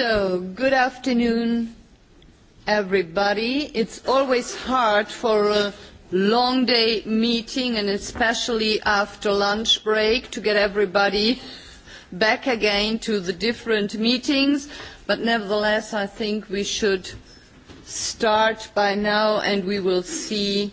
So, good afternoon, everybody. It's always hard for a long day meeting and especially after lunch break to get everybody back again to the different meetings. But nevertheless, I think we should start by now and we will see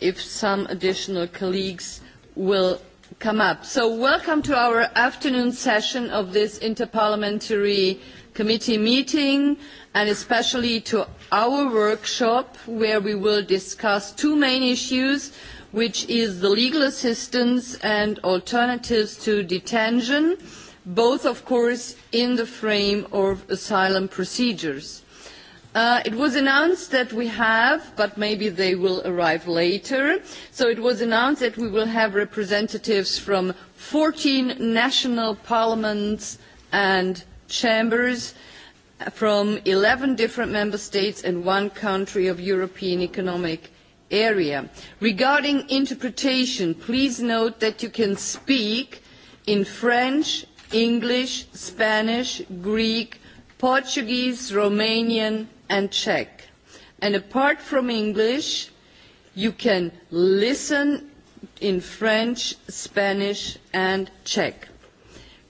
if some additional colleagues will come up. So welcome to our afternoon session of this interparliamentary committee meeting and especially to our workshop where we will discuss two main issues which is the legal assistance and alternatives to detention, both of course in the frame of asylum procedures. Uh, it was announced that we have, but maybe they will arrive later, so it was announced that we will have representatives from 14 national parliaments and chambers from eleven different member states and one country of European Economic Area. Regarding interpretation, please note that you can speak in French, English, Spanish, Greek, Portuguese, Romanian and Czech. And apart from English, you can listen in French, Spanish and Czech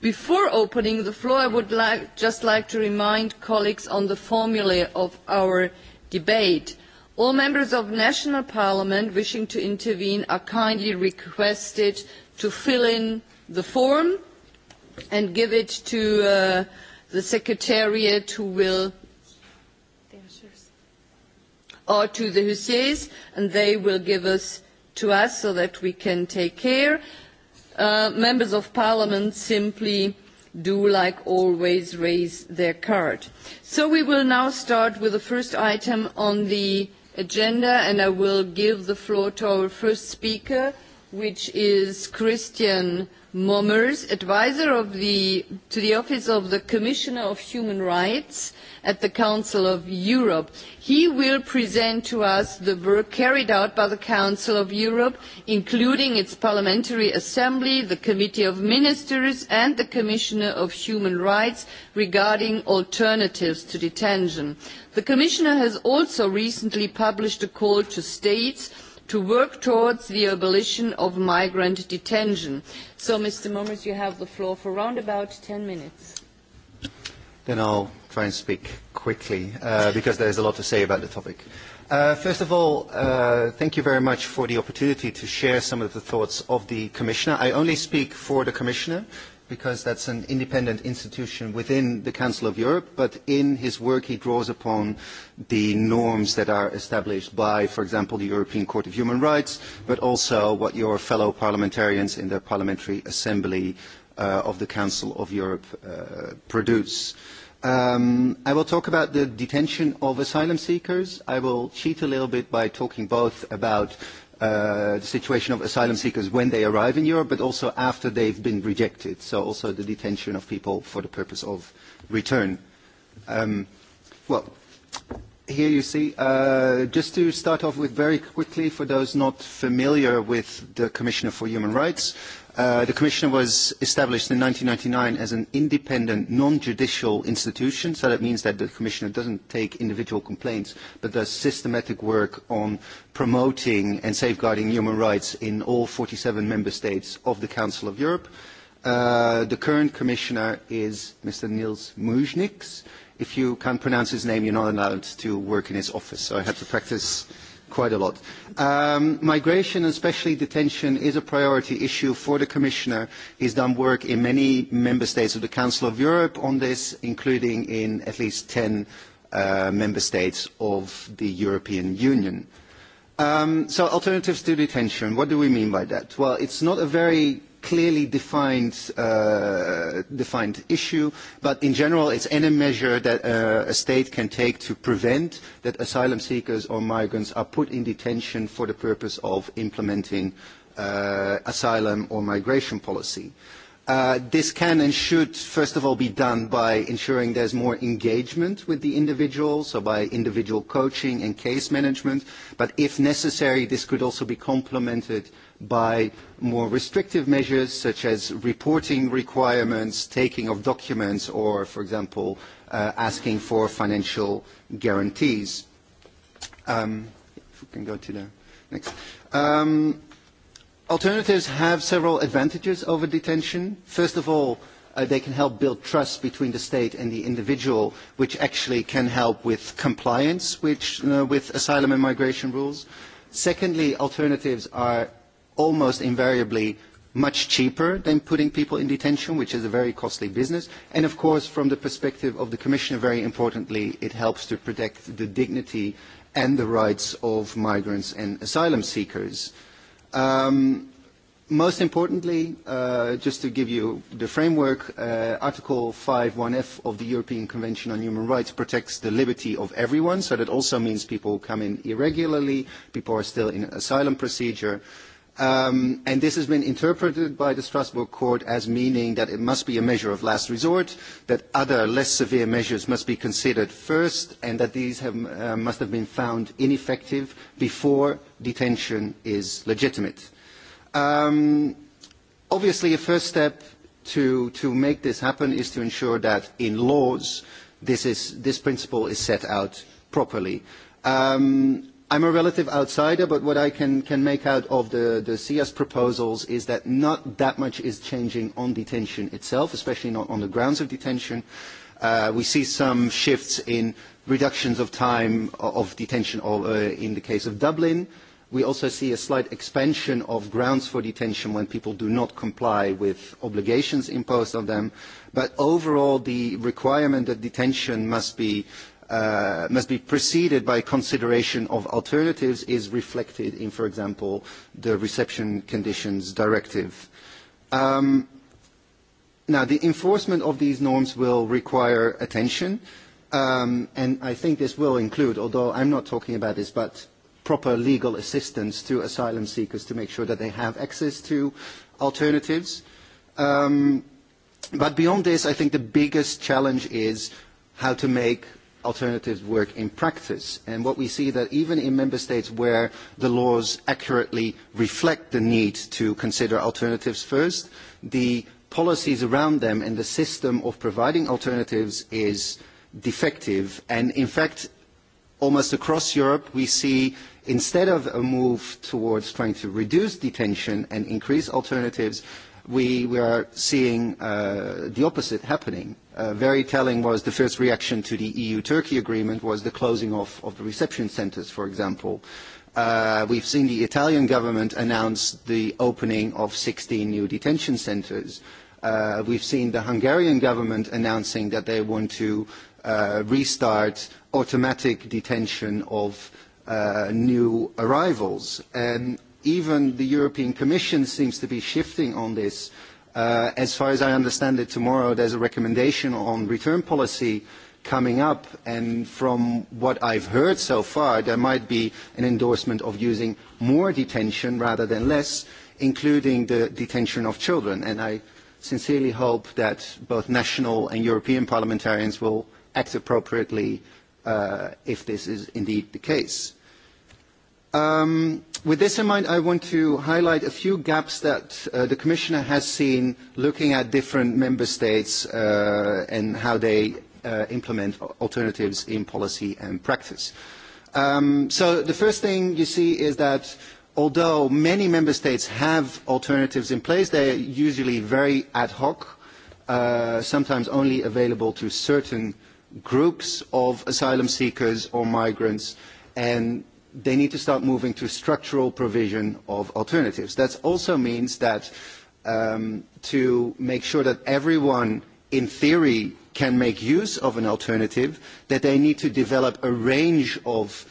Before opening the floor, I would like, just like to remind colleagues on the formula of our debate. All members of national parliament wishing to intervene are kindly requested to fill in the form and give it to uh, the secretariat who will or to the hussiers and they will give us to us so that we can take care members of parliament simply do like always raise their card. So we will now start with the first item on the agenda and I will give the floor to our first speaker, which is Christian Mommers, advisor of the, to the Office of the Commissioner of Human Rights at the Council of Europe. He will present to us the work carried out by the Council of Europe, including its Parliamentary Assembly, the Committee of Ministers and the Commissioner of Human Rights regarding alternatives to detention. The Commissioner has also recently published a call to states to work towards the abolition of migrant detention. So, Mr. Mummers, you have the floor for around about 10 minutes. Then I'll try and speak quickly uh, because there's a lot to say about the topic. Uh, first of all, uh, thank you very much for the opportunity to share some of the thoughts of the Commissioner. I only speak for the Commissioner, because that's an independent institution within the Council of Europe, but in his work he draws upon the norms that are established by, for example, the European Court of Human Rights, but also what your fellow parliamentarians in the Parliamentary Assembly uh, of the Council of Europe uh, produce. Um, I will talk about the detention of asylum seekers. I will cheat a little bit by talking both about uh, uh, the situation of asylum seekers when they arrive in Europe, but also after they've been rejected, so also the detention of people for the purpose of return. Um, well, here you see, uh, just to start off with very quickly, for those not familiar with the Commissioner for Human Rights, the Commission was established in ninety nine as an independent, non-judicial institution, so that means that the Commissioner doesn't take individual complaints, but does systematic work on promoting and safeguarding human rights in all forty seven member states of the Council of Europe. the current Commissioner is Mr. Niels Mujniks. If you can't pronounce his name, you're not allowed to work in his office, so I had to practice quite a lot. Um, migration and especially detention is a priority issue for the Commissioner. He's done work in many member states of the Council of Europe on this, including in at least 10 uh, member states of the European Union. Um, so alternatives to detention, what do we mean by that? Well, it's not a very clearly defined, uh, defined issue, but in general it's any measure that uh, a state can take to prevent that asylum seekers or migrants are put in detention for the purpose of implementing uh, asylum or migration policy. Uh, this can and should, first of all, be done by ensuring there's more engagement with the individual, so by individual coaching and case management. But if necessary, this could also be complemented by more restrictive measures such as reporting requirements, taking of documents, or, for example, uh, asking for financial guarantees. Um, if we can go to the next. Um, alternatives have several advantages over detention. First of all, uh, they can help build trust between the state and the individual, which actually can help with compliance which, uh, with asylum and migration rules. Secondly, alternatives are almost invariably much cheaper than putting people in detention, which is a very costly business. And of course, from the perspective of the Commissioner, very importantly, it helps to protect the dignity and the rights of migrants and asylum seekers. Um, most importantly, uh, just to give you the framework, uh, Article 5.1f of the European Convention on Human Rights protects the liberty of everyone, so that also means people come in irregularly, people are still in asylum procedure, uh, Um, and this has been interpreted by the Strasbourg court as meaning that it must be a measure of last resort, that other less severe measures must be considered first, and that these have, uh, must have been found ineffective before detention is legitimate. Um, obviously, a first step to, to make this happen is to ensure that in laws this, is, this principle is set out properly. Um, I'm a relative outsider, but what I can, can make out of the, the CS proposals is that not that much is changing on detention itself, especially not on the grounds of detention. Uh, we see some shifts in reductions of time of detention of, uh, in the case of Dublin. We also see a slight expansion of grounds for detention when people do not comply with obligations imposed on them. But overall, the requirement that detention must be uh, must be preceded by consideration of alternatives is reflected in, for example, the reception conditions directive. now, the enforcement of these norms will require attention, and I think this will include, although I'm not talking about this, but proper legal assistance to asylum seekers to make sure that they have access to alternatives. but beyond this, I think the biggest challenge is how to make alternatives work in practice. And what we see that even in member states where the laws accurately reflect the need to consider alternatives first, the policies around them and the system of providing alternatives is defective. And in fact, almost across Europe, we see instead of a move towards trying to reduce detention and increase alternatives, we, were are seeing uh, the opposite happening. Uh, very telling was the first reaction to the EU-Turkey agreement was the closing off of the reception centres, for example. Uh, we've seen the Italian government announce the opening of 16 new detention centres. Uh, we've seen the Hungarian government announcing that they want to uh, restart automatic detention of uh, new arrivals. And even the European Commission seems to be shifting on this. as far as I understand it, tomorrow there's a recommendation on return policy coming up, and from what I've heard so far, there might be an endorsement of using more detention rather than less, including the detention of children. And I sincerely hope that both national and European parliamentarians will act appropriately if this is indeed the case with this in mind, I want to highlight a few gaps that the Commissioner has seen looking at different member states and how they implement alternatives in policy and practice. so the first thing you see is that although many member states have alternatives in place, they are usually very ad hoc, sometimes only available to certain groups of asylum seekers or migrants, and they need to start moving to structural provision of alternatives. That also means that to make sure that everyone, in theory, can make use of an alternative, that they need to develop a range of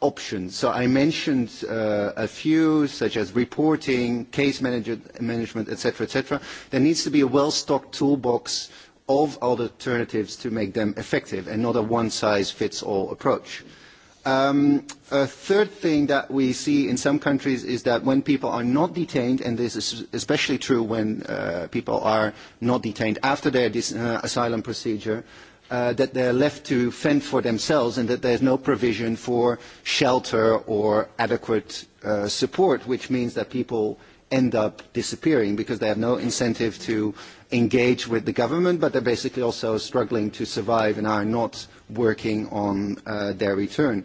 options. So I mentioned uh, a few, such as reporting, case management, etc., etc. There needs to be a well-stocked toolbox of alternatives to make them effective and not a one-size-fits-all approach. Um, a third thing that we see in some countries is that when people are not detained, and this is especially true when uh, people are not detained after their dis- uh, asylum procedure, uh, that they're left to fend for themselves and that there's no provision for shelter or adequate uh, support, which means that people end up disappearing because they have no incentive to engage with the government, but they're basically also struggling to survive and are not working on uh, their return.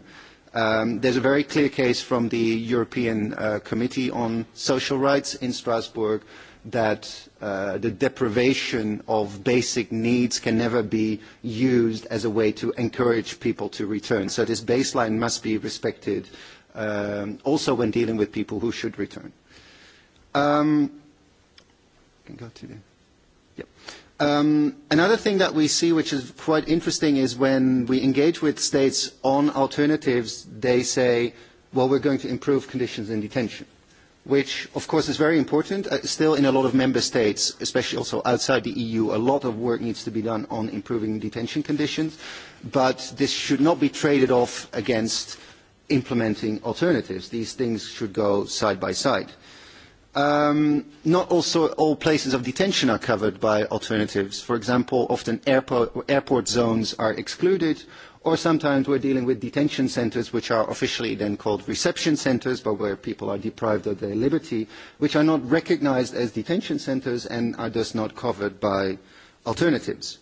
Um, there's a very clear case from the European uh, Committee on Social Rights in Strasbourg that uh, the deprivation of basic needs can never be used as a way to encourage people to return. So this baseline must be respected um, also when dealing with people who should return. Um, can go to the, yep. Um, another thing that we see, which is quite interesting, is when we engage with states on alternatives, they say, well, we're going to improve conditions in detention, which, of course, is very important. Uh, still, in a lot of member states, especially also outside the EU, a lot of work needs to be done on improving detention conditions. But this should not be traded off against implementing alternatives. These things should go side by side. Uh, not also all places of detention are covered by alternatives. For example, often airport, zones are excluded, or sometimes we are dealing with detention centres, which are officially then called reception centres, but where people are deprived of their liberty, which are not recognised as detention centres and are thus not covered by alternatives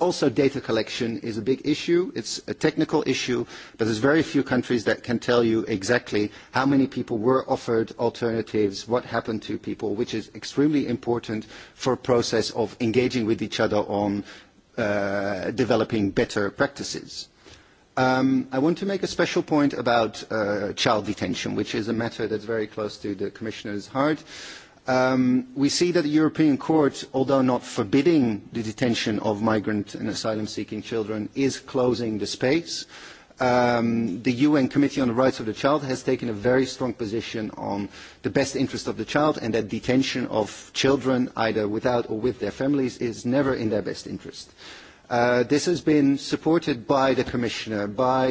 also, data collection is a big issue. It's a technical issue, but there's very few countries that can tell you exactly how many people were offered alternatives, what happened to people, which is extremely important for a process of engaging with each other on developing better practices. I want to make a special point about child detention, which is a matter that's very close to the Commissioner's heart we see that the European Court, although not forbidding the detention of migrant and asylum-seeking children, is closing the space. the UN Committee on the Rights of the Child has taken a very strong position on the best interest of the child and that detention of children, either without or with their families, is never in their best interest. Uh, this has been supported by the Commissioner, by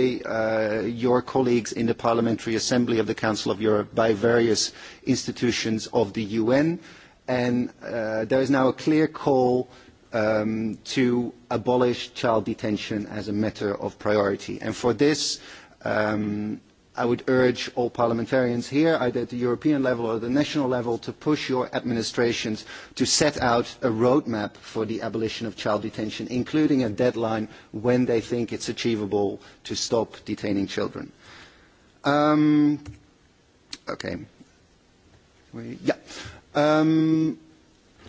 your colleagues in the Parliamentary Assembly of the Council of Europe, by various institutions of the UN, and there is now a clear call to abolish child detention as a matter of priority. And for this, um, I would urge all parliamentarians here, either at the European level or the national level, to push your administrations to set out a roadmap for the abolition of child detention, including a deadline when they think it is achievable to stop detaining children. okay. yeah. Um,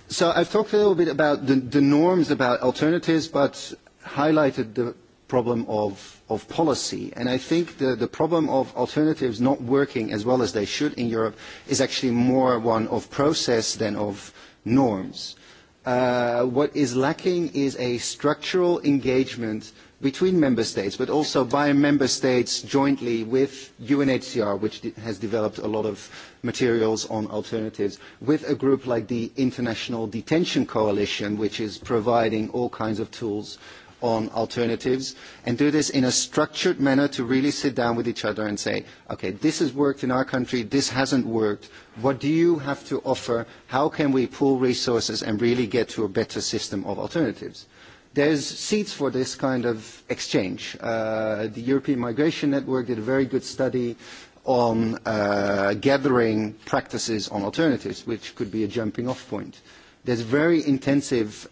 so I've talked a little bit about the, the norms, about alternatives, but highlighted the problem of of policy. And I think the, the problem of alternatives not working as well as they should in Europe is actually more one of process than of norms. Uh, what is lacking is a structural engagement between member states, but also by member states jointly with UNHCR, which has developed a lot of materials on alternatives, with a group like the International Detention Coalition, which is providing all kinds of tools uh, on alternatives and do this in a structured manner to really sit down with each other and say, okay, this has worked in our country, this hasn't worked. What do you have to offer? How can we pool resources and really get to a better system of alternatives? There's seats for this kind of exchange. Uh, the European Migration Network did a very good study on uh, gathering practices on alternatives, which could be a jumping off point. Uh, There's very intensive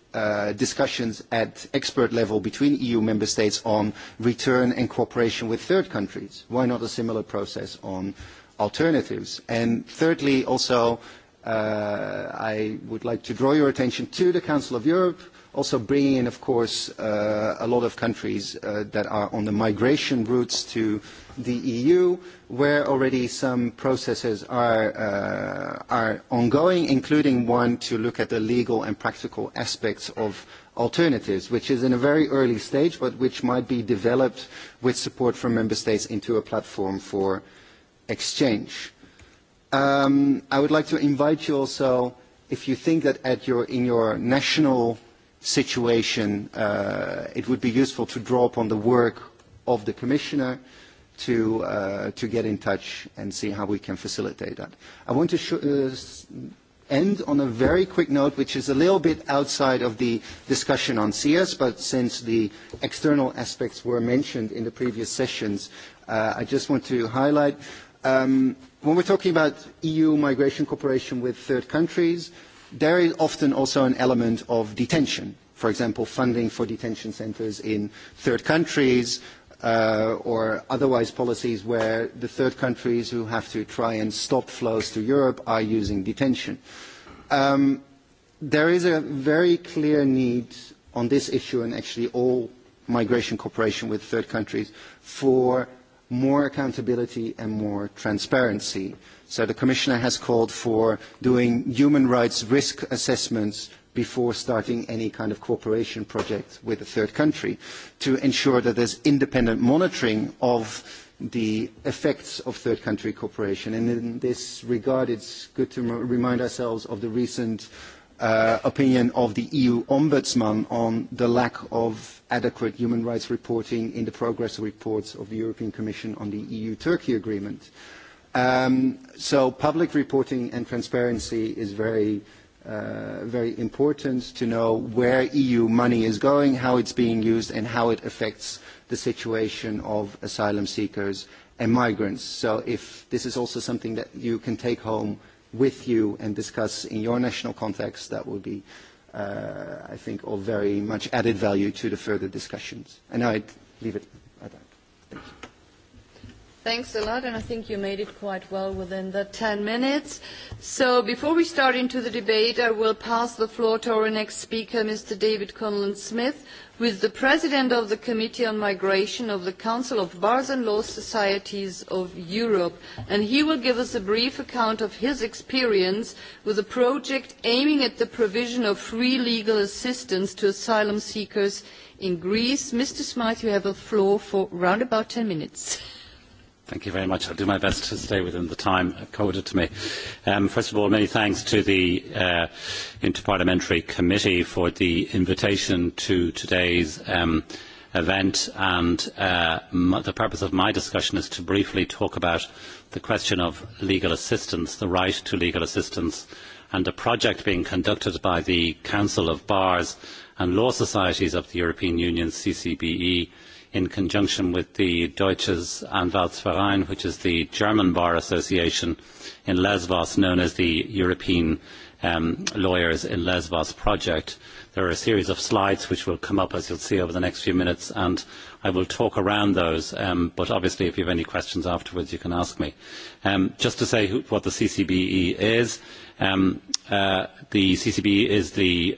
discussions at expert level between EU member states on return and cooperation with third countries. Why not a similar process on alternatives? And thirdly, also I would like to draw your attention to the Council of Europe, also bringing in, of course, a lot of countries that are on the migration routes to the EU, where already some processes are, ongoing, including one to look at the legal and practical aspects of alternatives, which is in a very early stage, but which might be developed with support from member states into a platform for exchange Um, I would like to invite you also, if you think that at your, in your national situation uh, it would be useful to draw upon the work of the Commissioner, to uh, to get in touch and see how we can facilitate that. I want to sh- uh, end on a very quick note, which is a little bit outside of the discussion on CS, but since the external aspects were mentioned in the previous sessions, uh, I just want to highlight. Um, When we're talking about EU migration cooperation with third countries, there is often also an element of detention. For example, funding for detention centres in third countries uh, or otherwise policies where the third countries who have to try and stop flows to Europe are using detention. Um, there is a very clear need on this issue and actually all migration cooperation with third countries for more accountability and more transparency. So the Commissioner has called for doing human rights risk assessments before starting any kind of cooperation project with a third country to ensure that there's independent monitoring of the effects of third country cooperation. And in this regard, it's good to remind ourselves of the recent opinion of the EU Ombudsman on the lack of adequate human rights reporting in the progress reports of the European Commission on the EU-Turkey agreement. so public reporting and transparency is very, uh very important to know where EU money is going, how it's being used, and how it affects the situation of asylum seekers and migrants. So if this is also something that you can take home with you and discuss in your national context, that would be uh, I think all very much added value to the further discussions. And now I'd leave it at that. Thank you. Thanks a lot, and I think you made it quite well within the 10 minutes. So before we start into the debate, I will pass the floor to our next speaker, Mr. David Conlon-Smith, with the President of the Committee on Migration of the Council of Bars and Law Societies of Europe, and he will give us a brief account of his experience with a project aiming at the provision of free legal assistance to asylum seekers in Greece. Mr. Smythe, you have the floor for around about 10 minutes. Thank you very much. I'll do my best to stay within the time accorded to me. Um, first of all, many thanks to the uh, Interparliamentary Committee for the invitation to today's um, event. And uh, m- the purpose of my discussion is to briefly talk about the question of legal assistance, the right to legal assistance, and a project being conducted by the Council of Bars and Law Societies of the European Union, CCBE, in conjunction with the Deutsches Anwaltsverein, which is the German Bar Association in Lesbos, known as the European Lawyers in Lesbos Project. There are a series of slides which will come up, as you'll see, over the next few minutes, and I will talk around those, but obviously if you have any questions afterwards, you can ask me. just to say what the CCBE is, the CCBE is the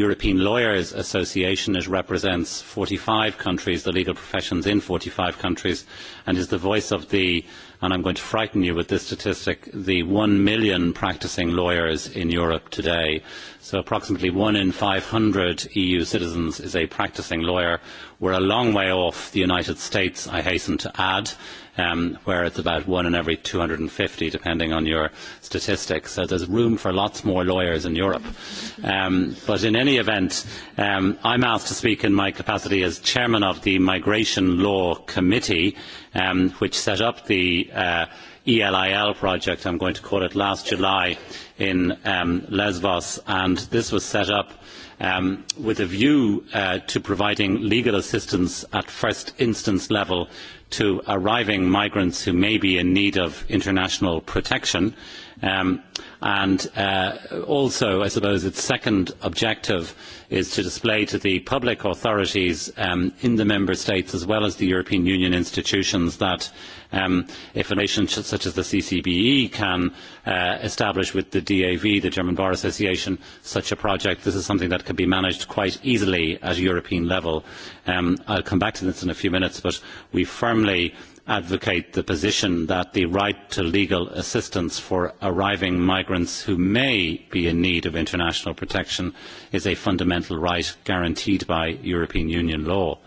European Lawyers Association. It represents forty five countries, the legal professions in forty five countries, and is the voice of the, and I am going to frighten you with this statistic, the one million practising lawyers in Europe today. So approximately one in five hundred EU citizens is a practising lawyer. We are a long way off the United States, I hasten to add um, where it's about one in every 250, depending on your statistics. So there's room for lots more lawyers in Europe. Um, but in any event, um, I'm asked to speak in my capacity as chairman of the Migration Law Committee, um, which set up the uh, ELIL project, I'm going to call it, last July in um, Lesbos. And this was set up with a view to providing legal assistance at first instance level to arriving migrants who may be in need of international protection and also, I suppose, its second objective is to display to the public authorities in the member states as well as the European Union institutions that if a nation such as the CCBE can establish with the DAV, the German Bar Association, such a project, this is something that can be managed quite easily at a European level. I will come back to this in a few minutes, but we firmly advocate the position that the right to legal assistance for arriving migrants who may be in need of international protection is a fundamental right guaranteed by European Union law.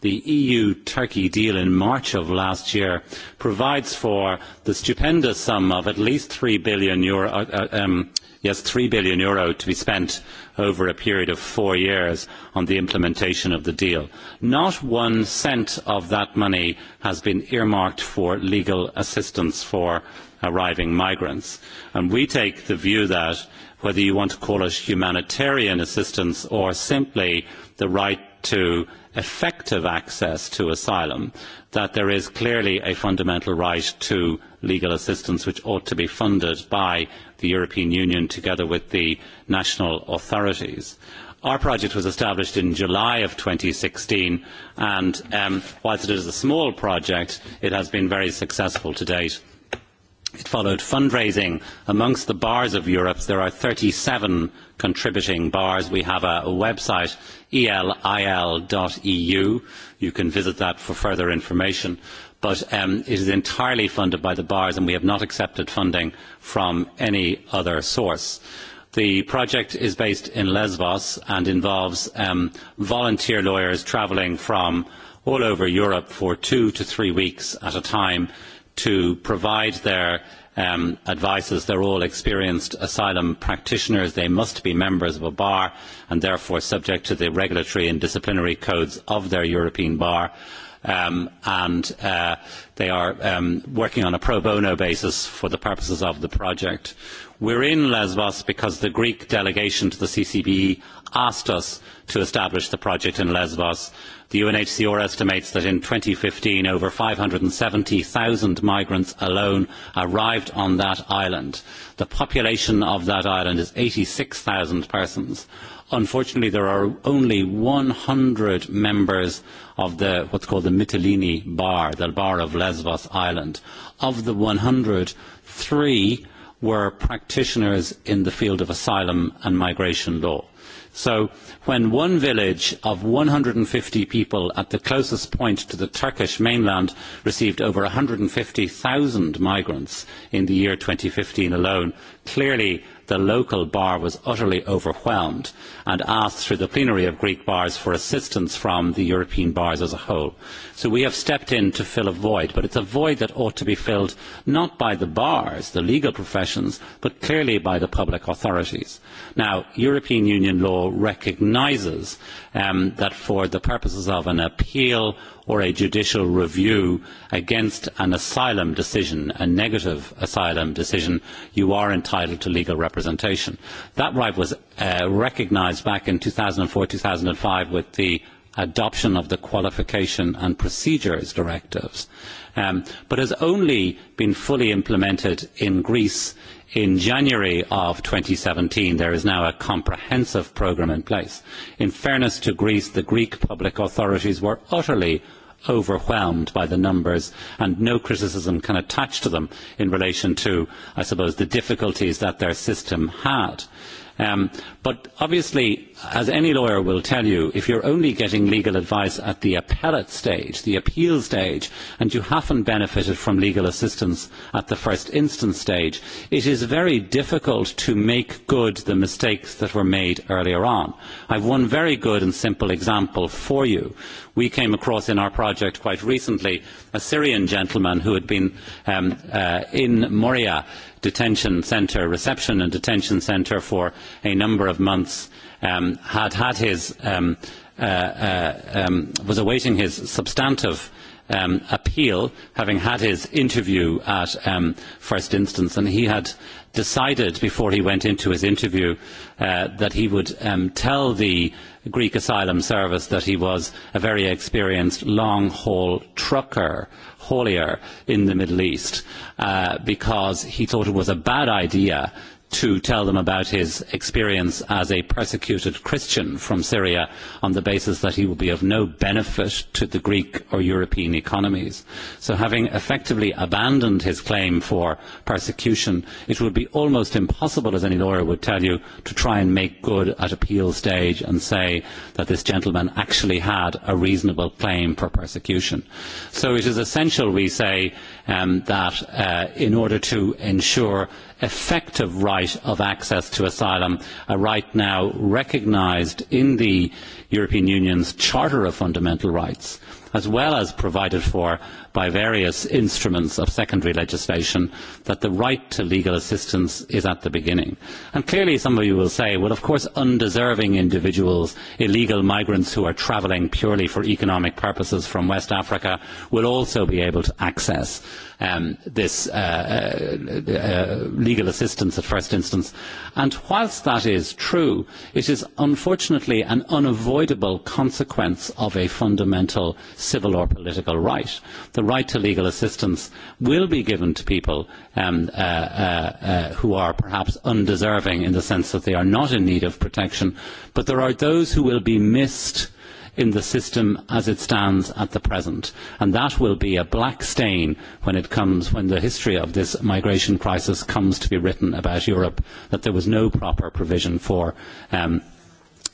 The EU-Turkey deal in March of last year provides for the stupendous sum of at least three billion euro, yes, three billion euro to be spent over a period of four years on the implementation of the deal. Not one cent of that money has been earmarked for legal assistance for arriving migrants. And we take the view that whether you want to call it humanitarian assistance or simply the right to effective access to asylum, that there is clearly a fundamental right to legal assistance which ought to be funded by the European Union together with the national authorities. Our project was established in July of sixteen and um, whilst it is a small project, it has been very successful to date. It followed fundraising amongst the bars of Europe. There are thirty seven contributing bars. We have a, website elil.eu. You can visit that for further information. But it is entirely funded by the bars, and we have not accepted funding from any other source. The project is based in Lesbos and involves volunteer lawyers travelling from all over Europe for two to three weeks at a time to provide their um, they They're all experienced asylum practitioners. They must be members of a bar and therefore subject to the regulatory and disciplinary codes of their European bar. and they are working on a pro bono basis for the purposes of the project. We are in Lesbos because the Greek delegation to the CCBE asked us to establish the project in Lesbos The UNHCR estimates that in fifteen over five hundred and seventy 570,000 migrants alone arrived on that island. The population of that island is eighty six 86,000 persons. Unfortunately, there are only one hundred members of the, what's called the Mytilene Bar, the Bar of Lesbos Island. Of the one hundred, three were practitioners in the field of asylum and migration law So when one village of one hundred and fifty people at the closest point to the Turkish mainland received over one hundred and fifty 150,000 migrants in the year fifteen alone, clearly the local bar was utterly overwhelmed and asked through the plenary of Greek bars for assistance from the European bars as a whole. So we have stepped in to fill a void, but it's a void that ought to be filled not by the bars, the legal professions, but clearly by the public authorities. Now, European Union law recognises that for the purposes of an appeal or a judicial review against an asylum decision, a negative asylum decision, you are entitled to legal representation. That right was recognised back in two thousand 2004 five with the adoption of the Qualification and Procedures Directives, but has only been fully implemented in Greece in January of seventeen. There is now a comprehensive programme in place. In fairness to Greece, the Greek public authorities were utterly overwhelmed by the numbers and no criticism can attach to them in relation to, I suppose, the difficulties that their system had but obviously, as any lawyer will tell you, if you are only getting legal advice at the appellate stage, the appeal stage, and you haven't benefited from legal assistance at the first instance stage, it is very difficult to make good the mistakes that were made earlier on. I have one very good and simple example for you. We came across in our project quite recently a Syrian gentleman who had been in Moria detention centre, reception and detention centre for a number of months, um, had had his, um, uh, uh, um, was awaiting his substantive um, appeal, having had his interview at um, first instance, and he had decided before he went into his interview uh, that he would um, tell the Greek asylum service that he was a very experienced long haul trucker haulier in the Middle East because he thought it was a bad idea to tell them about his experience as a persecuted Christian from Syria on the basis that he would be of no benefit to the Greek or European economies. So having effectively abandoned his claim for persecution, it would be almost impossible, as any lawyer would tell you, to try and make good at appeal stage and say that this gentleman actually had a reasonable claim for persecution. So it is essential, we say, that in order to ensure effective right of access to asylum, a right now recognised in the European Union's Charter of Fundamental Rights as well as provided for by various instruments of secondary legislation, that the right to legal assistance is at the beginning. And clearly some of you will say, well of course undeserving individuals, illegal migrants who are travelling purely for economic purposes from West Africa will also be able to access this legal assistance at first instance. And whilst that is true, it is unfortunately an unavoidable consequence of a fundamental civil or political right. The right to legal assistance will be given to people um, uh, uh, uh, who are perhaps undeserving in the sense that they are not in need of protection, but there are those who will be missed in the system as it stands at the present. And that will be a black stain when it comes, when the history of this migration crisis comes to be written about Europe, that there was no proper provision for um,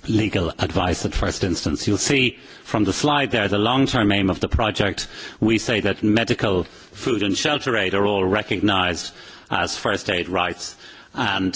legal advice at first instance. You will see from the slide there the long-term aim of the project. We say that medical, food and shelter aid are all recognised as first aid rights and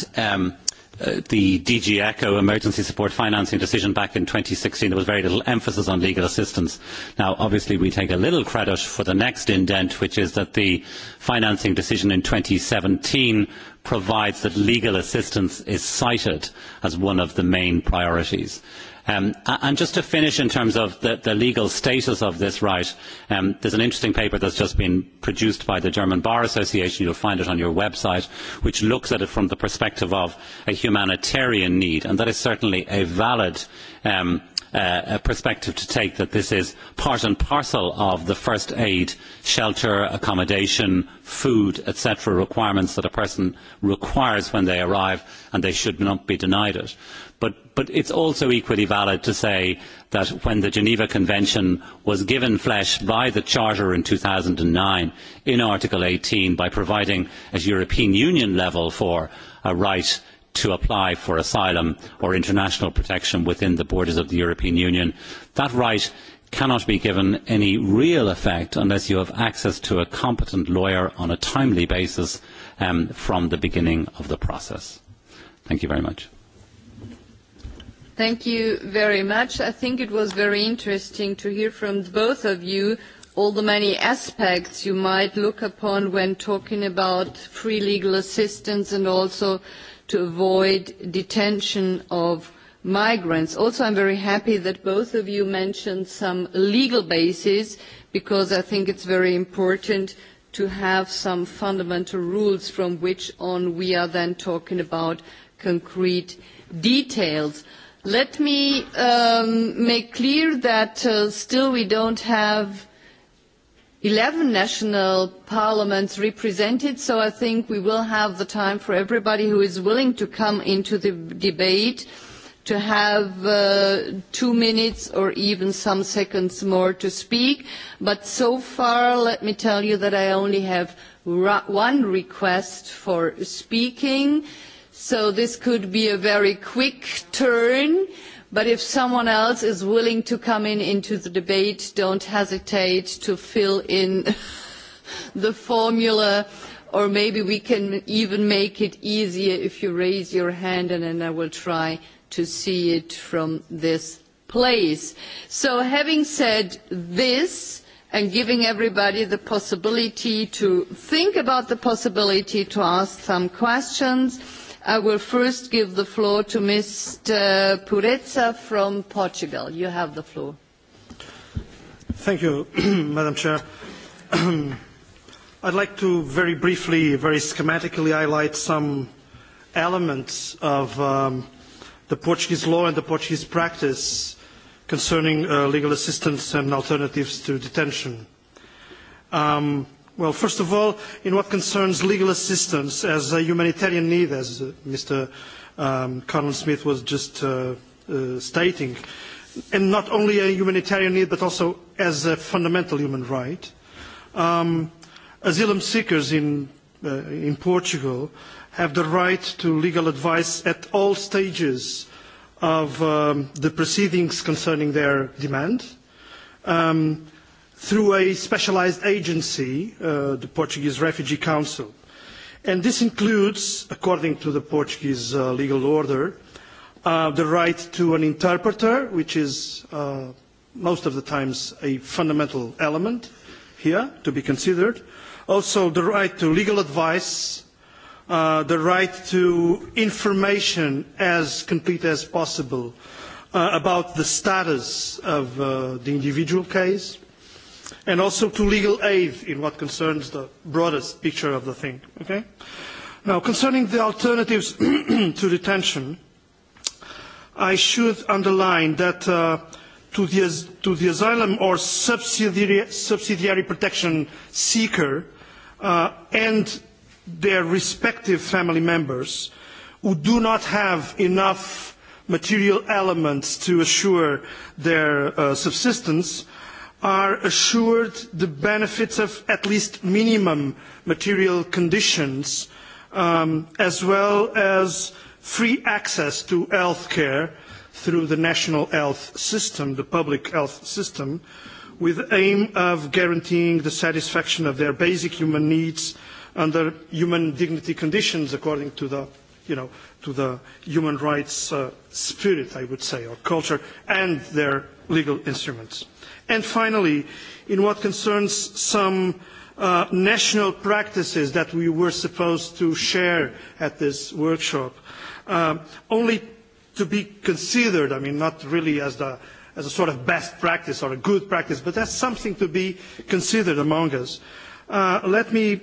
the DG ECHO emergency support financing decision back in sixteen there was very little emphasis on legal assistance. Now, obviously, we take a little credit for the next indent, which is that the financing decision in seventeen provides that legal assistance is cited as one of the main priorities. and just to finish in terms of the, the legal status of this right, um, there's an interesting paper that's just been produced by the German Bar Association, you'll find it on your website, which looks at it from the perspective of a humanitarian need, and that is certainly a valid um, a perspective to take that this is part and parcel of the first aid, shelter, accommodation, food, etc. requirements that a person requires when they arrive and they should not be denied it. But, but it's also equally valid to say that when the Geneva Convention was given flesh by the Charter in two thousand nine in Article eighteen by providing at European Union level for a right to apply for asylum or international protection within the borders of the European Union. That right cannot be given any real effect unless you have access to a competent lawyer on a timely basis from the beginning of the process. Thank you very much. Thank you very much. I think it was very interesting to hear from both of you all the many aspects you might look upon when talking about free legal assistance and also uh, to avoid detention of migrants. Also, I'm very happy that both of you mentioned some legal basis because I think it's very important to have some fundamental rules from which on we are then talking about concrete details. Let me make clear that still we don't have eleven national parliaments represented, so I think we will have the time for everybody who is willing to come into the debate to have two minutes or even some seconds more to speak. But so far, let me tell you that I only have one request for speaking, so this could be a very quick turn. But if someone else is willing to come in into the debate, don't hesitate to fill in the formula or maybe we can even make it easier if you raise your hand and then I will try to see it from this place. So having said this and giving everybody the possibility to think about the possibility to ask some questions, I will first give the floor to Mr. Pureza from Portugal. You have the floor. Thank you, Madam Chair. I'd like to very briefly, very schematically highlight some elements of the Portuguese law and the Portuguese practice concerning legal assistance and alternatives to detention. Um, Well, first of all, in what concerns legal assistance as a humanitarian need, as Mr. Um, Smith was just stating, and not only a humanitarian need but also as a fundamental human right, asylum seekers in, Portugal have the right to legal advice at all stages of the proceedings concerning their demand. Um, through a specialised agency, the Portuguese Refugee Council. And this includes, according to the Portuguese legal order, the right to an interpreter, which is most of the times a fundamental element here to be considered. Also, the right to legal advice, the right to information as complete as possible about the status of the individual case and also to legal aid in what concerns the broadest picture of the thing. Okay? Now, concerning the alternatives to detention, I should underline that uh, to, the, to the asylum or subsidiary, subsidiary protection seeker uh, and their respective family members who do not have enough material elements to assure their uh, subsistence are assured the benefits of at least minimum material conditions as well as free access to health care through the national health system, the public health system, with the aim of guaranteeing the satisfaction of their basic human needs under human dignity conditions according to the you know, to the human rights spirit, I would say, or culture, and their legal instruments. And finally, in what concerns some national practices that we were supposed to share at this workshop, only to be considered, I mean, not really as the as a sort of best practice or a good practice, but that's something to be considered among us. let me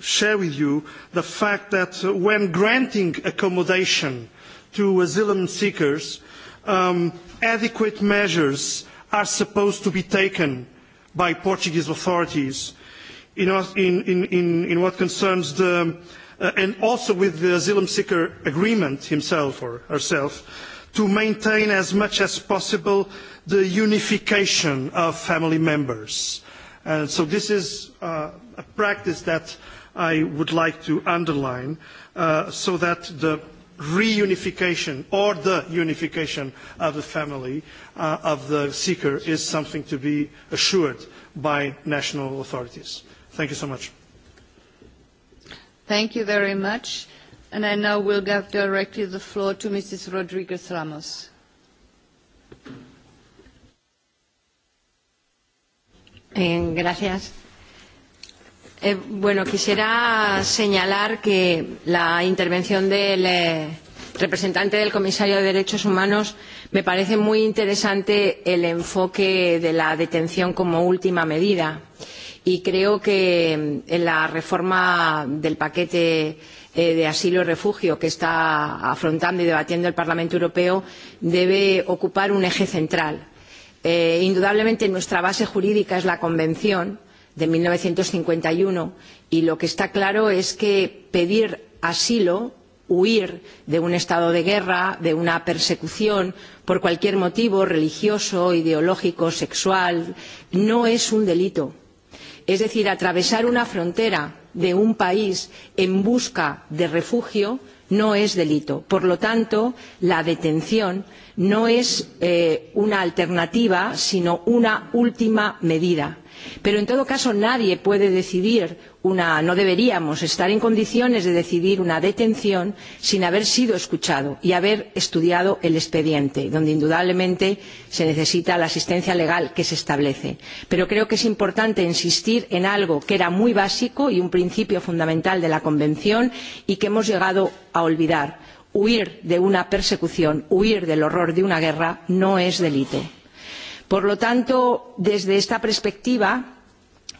share with you the fact that when granting accommodation to asylum seekers, adequate measures are supposed to be taken by Portuguese authorities in, in, in, in what concerns the, and also with the asylum seeker agreement himself or herself, to maintain as much as possible the unification of family members. And so this is a practice that I would like to underline so that the reunification or the unification of the family uh, of the seeker is something to be assured by national authorities. Thank you so much. Thank you very much. And I now will give directly the floor to Mrs. Rodriguez Ramos. gracias bueno, quisiera señalar que la intervención del representante del comisario de Derechos Humanos me parece muy interesante el enfoque de la detención como última medida y creo que en la reforma del paquete de asilo y refugio que está afrontando y debatiendo el Parlamento Europeo debe ocupar un eje central. indudablemente nuestra base jurídica es la Convención, de 1951 y lo que está claro es que pedir asilo, huir de un estado de guerra, de una persecución por cualquier motivo religioso, ideológico, sexual, no es un delito. Es decir, atravesar una frontera de un país en busca de refugio no es delito. Por lo tanto, la detención no es una alternativa, sino una última medida Pero en todo caso nadie puede decidir una, no deberíamos estar en condiciones de decidir una detención sin haber sido escuchado y haber estudiado el expediente, donde indudablemente se necesita la asistencia legal que se establece. Pero creo que es importante insistir en algo que era muy básico y un principio fundamental de la Convención y que hemos llegado a olvidar. Huir de una persecución, huir del horror de una guerra no es delito Por lo tanto, desde esta perspectiva,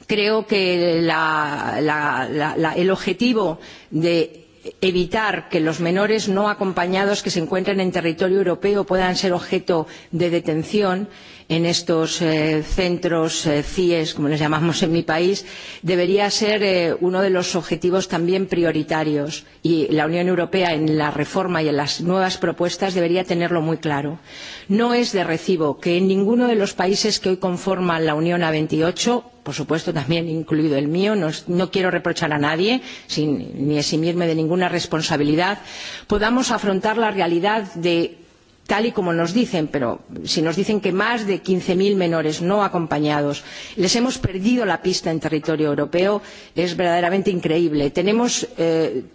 creo que el objetivo de evitar que los menores no acompañados que se encuentren en territorio europeo puedan ser objeto de detención es en estos centros CIES, como les llamamos en mi país, debería ser uno de los objetivos también prioritarios y la Unión Europea en la reforma y en las nuevas propuestas debería tenerlo muy claro. No es de recibo que en ninguno de los países que hoy conforman la Unión a veintiocho por supuesto también incluido el mío, no, quiero reprochar a nadie ni eximirme de ninguna responsabilidad, podamos afrontar la realidad de tal y como nos dicen, pero si nos dicen que más de quince 15.000 menores no acompañados, les hemos perdido la pista en territorio europeo, es verdaderamente increíble. Tenemos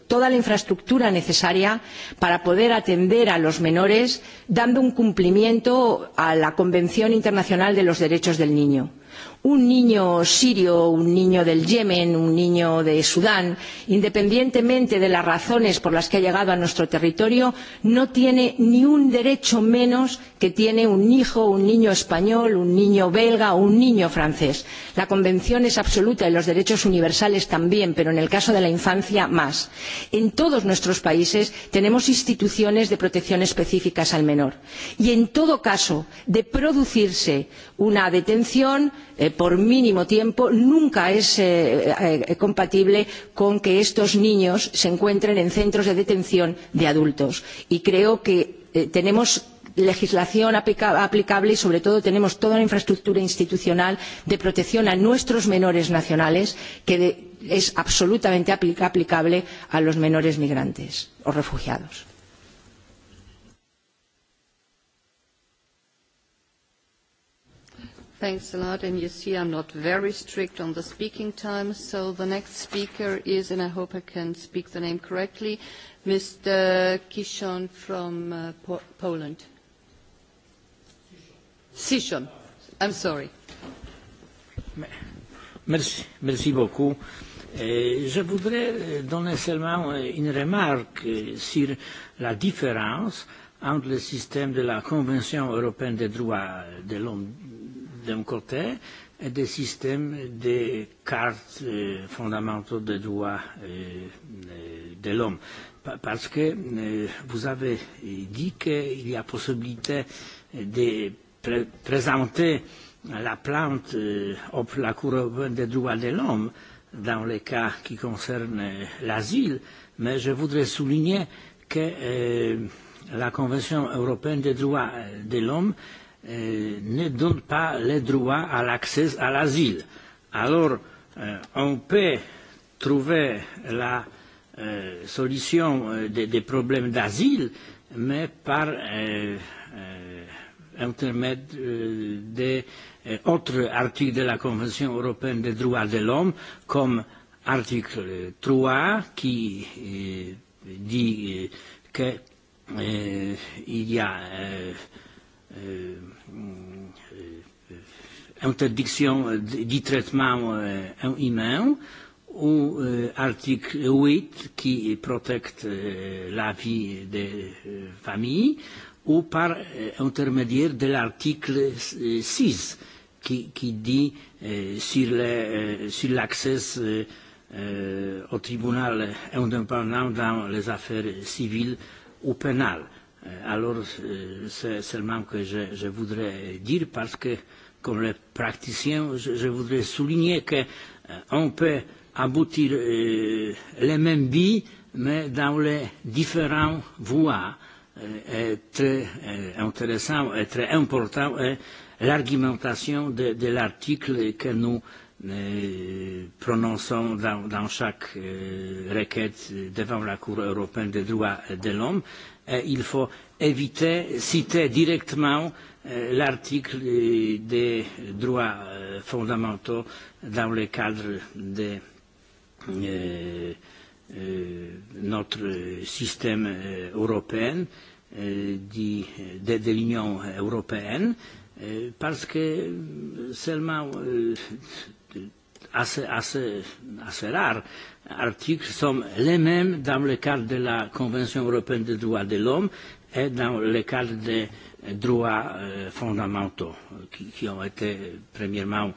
toda la infraestructura necesaria para poder atender a los menores dando un cumplimiento a la Convención Internacional de los Derechos del Niño un niño sirio, un niño del Yemen, un niño de Sudán, independientemente de las razones por las que ha llegado a nuestro territorio, no tiene ni un derecho menos que tiene un hijo, un niño español, un niño belga o un niño francés. La Convención es absoluta y los derechos universales también, pero en el caso de la infancia más. En todos nuestros países tenemos instituciones de protección específicas al menor. Y en todo caso, de producirse una detención, por mínimo tiempo nunca es compatible con que estos niños se encuentren en centros de detención de adultos. Y creo que tenemos legislación aplicable y sobre todo tenemos toda una infraestructura institucional de protección a nuestros menores nacionales que es absolutamente aplicable a los menores migrantes o refugiados. Thanks a lot. And you see, I'm not very strict on the speaking time. So the next speaker is, and I hope I can speak the name correctly, Mr. Kishon from uh, po- Poland. Sishon. I'm sorry. Merci, merci beaucoup. Je voudrais donner seulement une remarque sur la différence entre le système de la Convention européenne des droits de l'homme d'un côté, et des systèmes de cartes fondamentaux des droits de l'homme. Parce que vous avez dit qu'il y a possibilité de présenter la plante au la Cour européenne des droits de l'homme dans les cas qui concernent l'asile, mais je voudrais souligner que la Convention européenne des droits de l'homme ne donne pas le droit à l'accès à l'asile. Alors, euh, on peut trouver la euh, solution des, des problèmes d'asile, mais par euh, euh, intermède euh, des euh, autres articles de la Convention européenne des droits de l'homme, comme article 3 qui euh, dit que euh, il y a euh, interdiction du traitement humain, ou euh, article 8 qui protège euh, la vie des euh, familles, ou par euh, intermédiaire de l'article 6 qui, qui dit euh, sur l'accès euh, euh, au tribunal indépendant dans les affaires civiles ou pénales Alors, c'est seulement que je, je voudrais dire, parce que comme le praticien, je, je voudrais souligner qu'on peut aboutir euh, les mêmes billes, mais dans les différentes voies. est très intéressant et très important est l'argumentation de, de l'article que nous euh, prononçant dans, dans chaque euh, requête devant la Cour européenne des droits de l'homme. Il faut éviter citer directement l'article des droits fondamentaux dans le cadre de notre système européen, de, l'Union européenne, parce que seulement assez rares, articles sont les mêmes dans le cadre de la Convention européenne des droits de l'homme et dans le cadre des droits fondamentaux qui, ont été premièrement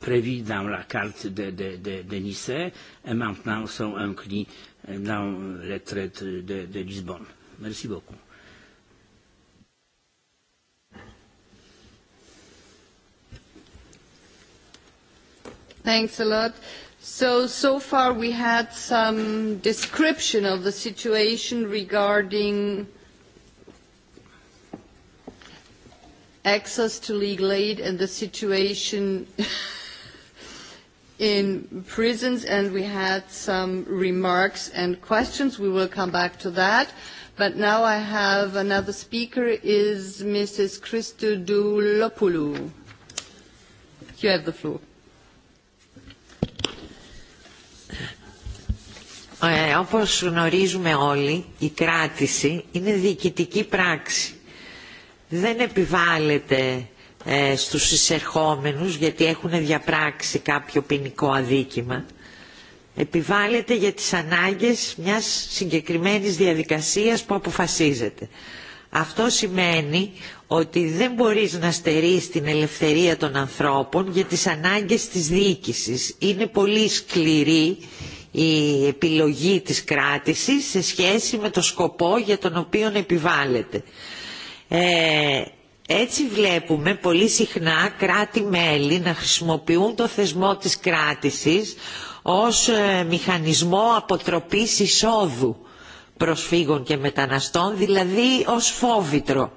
prévus dans la carte de, de, de Nicée et maintenant sont inclus dans les traités de, de Lisbonne. Merci beaucoup. Thanks a lot. So, so far we had some description of the situation regarding access to legal aid and the situation in prisons, and we had some remarks and questions. We will come back to that. But now I have another speaker, is Mrs. Christodoulopoulou. You have the floor. Ε, όπως γνωρίζουμε όλοι, η κράτηση είναι διοικητική πράξη. Δεν επιβάλλεται ε, στους εισερχόμενους γιατί έχουν διαπράξει κάποιο ποινικό αδίκημα. Επιβάλλεται για τις ανάγκες μιας συγκεκριμένης διαδικασίας που αποφασίζεται. Αυτό σημαίνει ότι δεν μπορείς να στερείς την ελευθερία των ανθρώπων για τις ανάγκες της διοίκησης. Είναι πολύ σκληρή η επιλογή της κράτησης σε σχέση με το σκοπό για τον οποίο επιβάλλεται. Ε, έτσι βλέπουμε πολύ συχνά κράτη-μέλη να χρησιμοποιούν το θεσμό της κράτησης ως μηχανισμό αποτροπής εισόδου προσφύγων και μεταναστών, δηλαδή ως φόβητρο.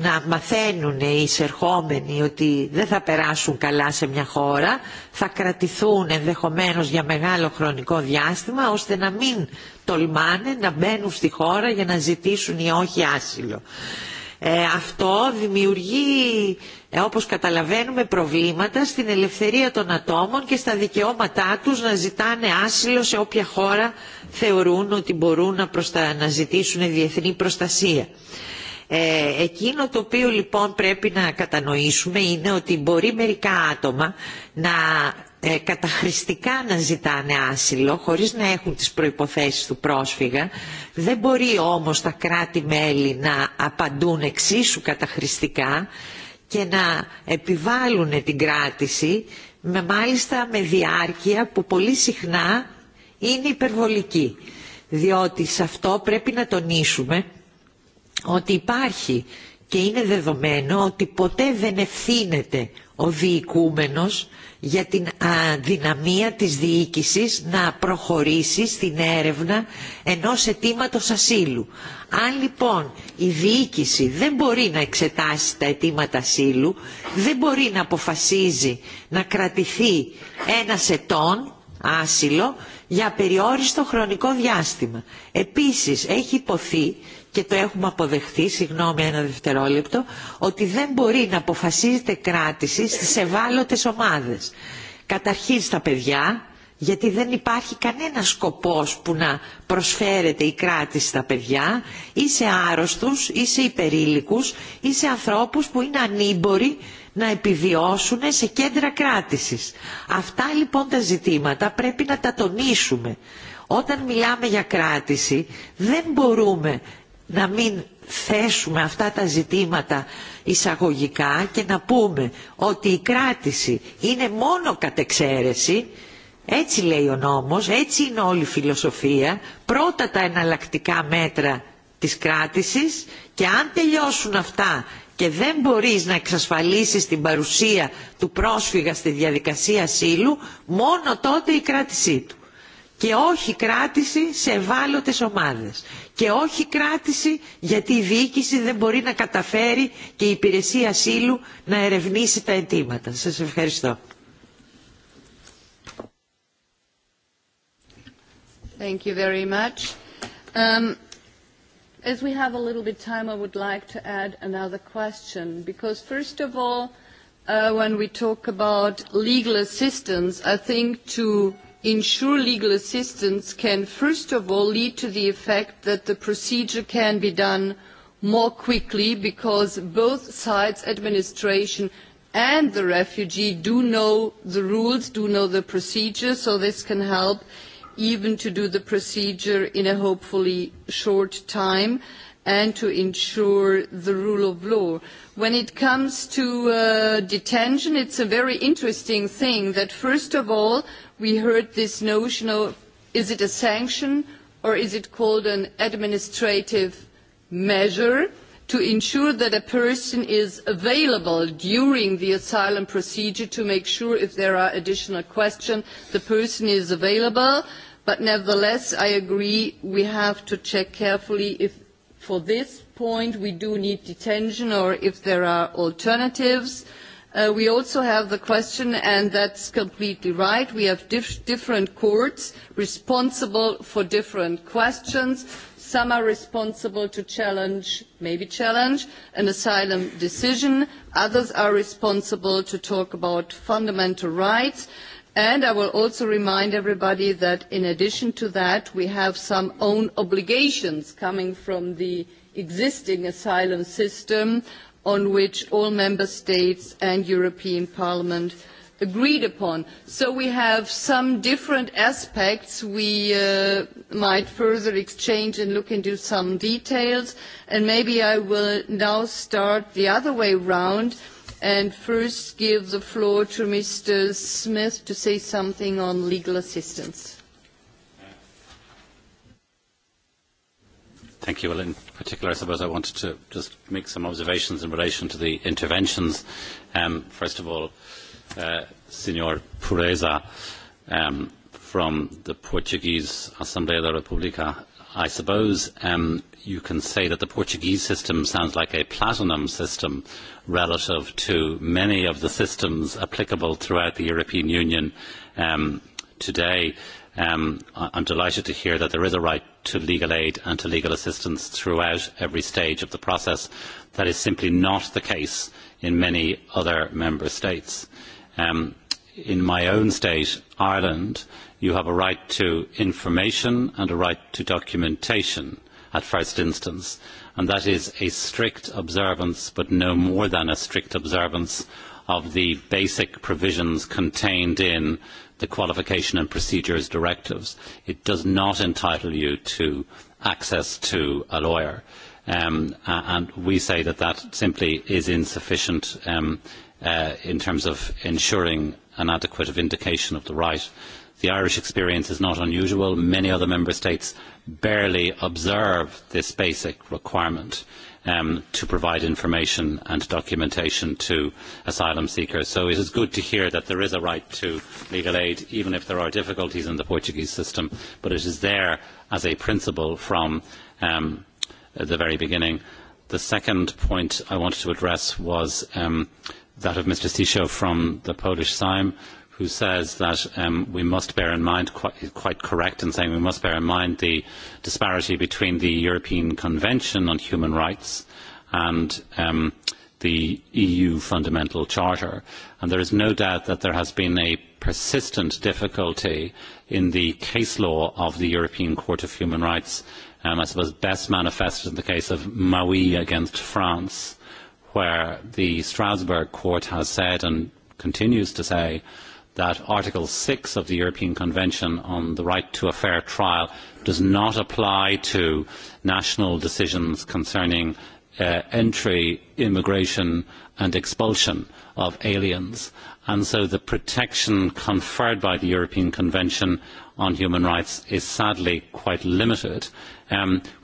Να μαθαίνουν οι εισερχόμενοι ότι δεν θα περάσουν καλά σε μια χώρα, θα κρατηθούν ενδεχομένως για μεγάλο χρονικό διάστημα, ώστε να μην τολμάνε να μπαίνουν στη χώρα για να ζητήσουν ή όχι άσυλο. Ε, αυτό δημιουργεί, ε, όπως καταλαβαίνουμε, προβλήματα στην ελευθερία των ατόμων και στα δικαιώματά τους να ζητάνε άσυλο σε όποια χώρα θεωρούν ότι μπορούν να, προστα... να ζητήσουν διεθνή προστασία. Ε, εκείνο το οποίο λοιπόν πρέπει να κατανοήσουμε είναι ότι μπορεί μερικά άτομα να ε, καταχρηστικά να ζητάνε άσυλο χωρίς να έχουν τις προϋποθέσεις του πρόσφυγα. Δεν μπορεί όμως τα κράτη-μέλη να απαντούν εξίσου καταχρηστικά και να επιβάλλουν την κράτηση με μάλιστα με διάρκεια που πολύ συχνά είναι υπερβολική. Διότι σε αυτό πρέπει να τονίσουμε ότι υπάρχει και είναι δεδομένο ότι ποτέ δεν ευθύνεται ο διοικούμενος για την αδυναμία της διοίκησης να προχωρήσει στην έρευνα ενός αιτήματο ασύλου. Αν λοιπόν η διοίκηση δεν μπορεί να εξετάσει τα αιτήματα ασύλου, δεν μπορεί να αποφασίζει να κρατηθεί ένα ετών άσυλο για περιόριστο χρονικό διάστημα. Επίσης έχει υποθεί και το έχουμε αποδεχθεί, συγγνώμη ένα δευτερόλεπτο, ότι δεν μπορεί να αποφασίζεται κράτηση στις ευάλωτες ομάδες. Καταρχήν στα παιδιά, γιατί δεν υπάρχει κανένα σκοπός που να προσφέρεται η κράτηση στα παιδιά ή σε άρρωστους ή σε υπερήλικους ή σε ανθρώπους που είναι ανήμποροι να επιβιώσουν σε κέντρα κράτησης. Αυτά λοιπόν τα ζητήματα πρέπει να τα τονίσουμε. Όταν μιλάμε για κράτηση δεν μπορούμε να μην θέσουμε αυτά τα ζητήματα εισαγωγικά και να πούμε ότι η κράτηση είναι μόνο κατεξαίρεση, έτσι λέει ο νόμος, έτσι είναι όλη η φιλοσοφία, πρώτα τα εναλλακτικά μέτρα της κράτησης και αν τελειώσουν αυτά και δεν μπορείς να εξασφαλίσεις την παρουσία του πρόσφυγα στη διαδικασία ασύλου, μόνο τότε η κράτησή του και όχι κράτηση σε ευάλωτες ομάδες και όχι κράτηση γιατί η διοίκηση δεν μπορεί να καταφέρει και η υπηρεσία ασύλου να ερευνήσει τα αιτήματα. Σας ευχαριστώ. Thank you very much. Um, as we have a little bit time, I would like to add another question because first of all, uh, when we talk about legal assistance, I think to ensure legal assistance can first of all lead to the effect that the procedure can be done more quickly because both sides, administration and the refugee, do know the rules, do know the procedure, so this can help even to do the procedure in a hopefully short time and to ensure the rule of law. When it comes to detention, it is a very interesting thing that first of all, we heard this notion of is it a sanction or is it called an administrative measure to ensure that a person is available during the asylum procedure to make sure if there are additional questions the person is available but nevertheless I agree we have to check carefully if for this point we do need detention or if there are alternatives we also have the question, and that's completely right, we have different courts responsible for different questions. Some are responsible to challenge, maybe challenge, an asylum decision. Others are responsible to talk about fundamental rights. And I will also remind everybody that in addition to that, we have some own obligations coming from the existing asylum system on which all member states and European Parliament agreed upon. So we have some different aspects we might further exchange and look into some details. And maybe I will now start the other way round and first give the floor to Mr. Smith to say something on legal assistance. Thank you. Well, in particular, I suppose I wanted to just make some observations in relation to the interventions. Um, first of all, uh, Senor Pureza um, from the Portuguese Assembleia da República. I suppose um, you can say that the Portuguese system sounds like a platinum system relative to many of the systems applicable throughout the European Union um, today. Um, I am delighted to hear that there is a right to legal aid and to legal assistance throughout every stage of the process. That is simply not the case in many other member states. in my own state, Ireland, you have a right to information and a right to documentation at first instance, and that is a strict observance, but no more than a strict observance of the basic provisions contained in the qualification and procedures directives. It does not entitle you to access to a lawyer. and we say that that simply is insufficient in terms of ensuring an adequate vindication of the right. The Irish experience is not unusual. Many other member states barely observe this basic requirement. Uh, to provide information and documentation to asylum seekers. So it is good to hear that there is a right to legal aid, even if there are difficulties in the Portuguese system, but it is there as a principle from the very beginning. The second point I wanted to address was that of Mr. Sisho from the Polish Sejm who says that we must bear in mind, quite, quite correct in saying we must bear in mind the disparity between the European Convention on Human Rights and the EU Fundamental Charter. And there is no doubt that there has been a persistent difficulty in the case law of the European Court of Human Rights, I suppose best manifested in the case of Maui against France, where the Strasbourg Court has said and continues to say that Article six of the European Convention on the Right to a Fair Trial does not apply to national decisions concerning entry, immigration and expulsion of aliens. And so the protection conferred by the European Convention on Human Rights is sadly quite limited,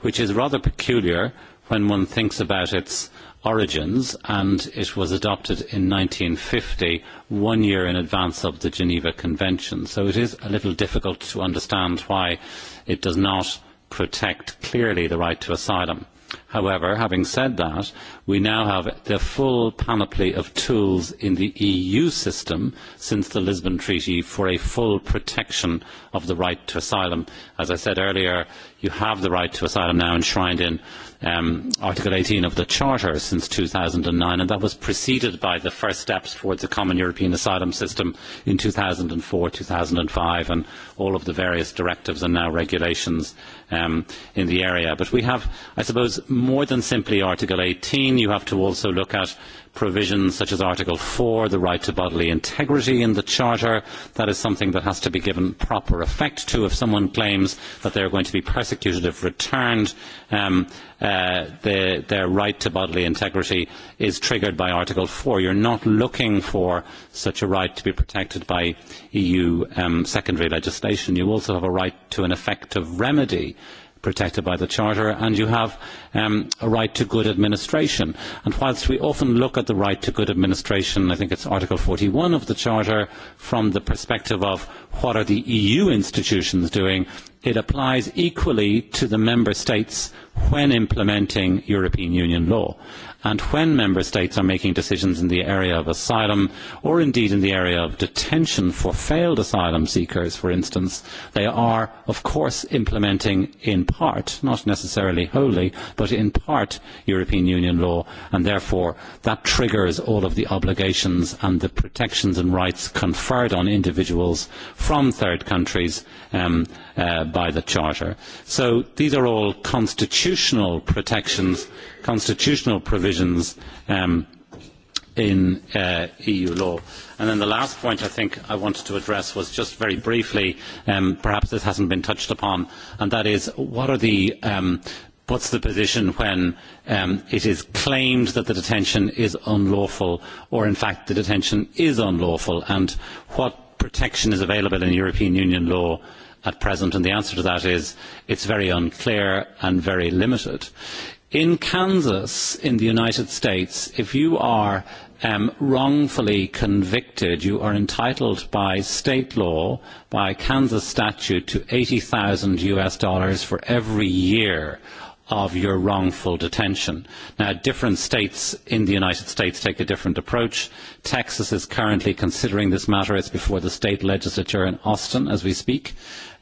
which is rather peculiar when one thinks about its origins and it was adopted in fifty, one year in advance of the Geneva Convention. So it is a little difficult to understand why it does not protect clearly the right to asylum However, having said that, we now have the full panoply of tools in the EU system since the Lisbon Treaty for a full protection of the right to asylum. As I said earlier, you have the right to asylum now enshrined in um, Article 18 of the Charter since 2009, and that was preceded by the first steps towards a common European asylum system in 2004, 2005, and all of the various directives and now regulations um, in the area. But we have, I suppose, more than simply Article eighteen. You have to also look at provisions such as Article four, the right to bodily integrity in the Charter. That is something that has to be given proper effect to. If someone claims that they are going to be persecuted if returned, their right to bodily integrity is triggered by Article four. You are not looking for such a right to be protected by EU secondary legislation. You also have a right to an effective remedy protected by the Charter, and you have um, a right to good administration. And whilst we often look at the right to good administration, I think it's Article forty one of the Charter, from the perspective of what are the EU institutions doing, it applies equally to the Member States when implementing European Union law and when member states are making decisions in the area of asylum or indeed in the area of detention for failed asylum seekers, for instance, they are, of course, implementing in part, not necessarily wholly, but in part European Union law, and therefore that triggers all of the obligations and the protections and rights conferred on individuals from third countries um, by the Charter. So these are all constitutional protections, constitutional provisions in EU law. And then the last point I think I wanted to address was just very briefly, perhaps this has not been touched upon, and that is what are the what's the position when it is claimed that the detention is unlawful or in fact the detention is unlawful and what protection is available in European Union law at present, and the answer to that is it's very unclear and very limited. In Kansas, in the United States, if you are um, wrongfully convicted, you are entitled by state law, by Kansas statute, to 80,000 US dollars for every year of your wrongful detention. Now, different states in the United States take a different approach. Texas is currently considering this matter. It's before the state legislature in Austin as we speak,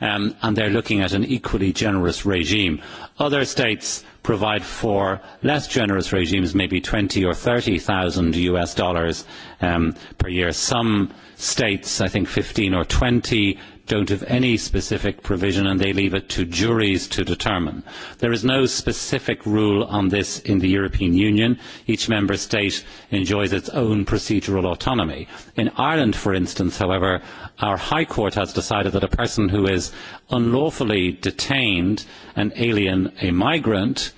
um, and they're looking at an equally generous regime. Other states provide for less generous regimes, maybe 20 or 30,000 US dollars um, per year. Some states, I think 15 or 20, don't have any specific provision and they leave it to juries to determine. There is no specific rule on this in the European Union. Each member state enjoys its own procedural autonomy. In Ireland, for instance, however, our High Court has decided that a person who is unlawfully detained, an alien, a migrant,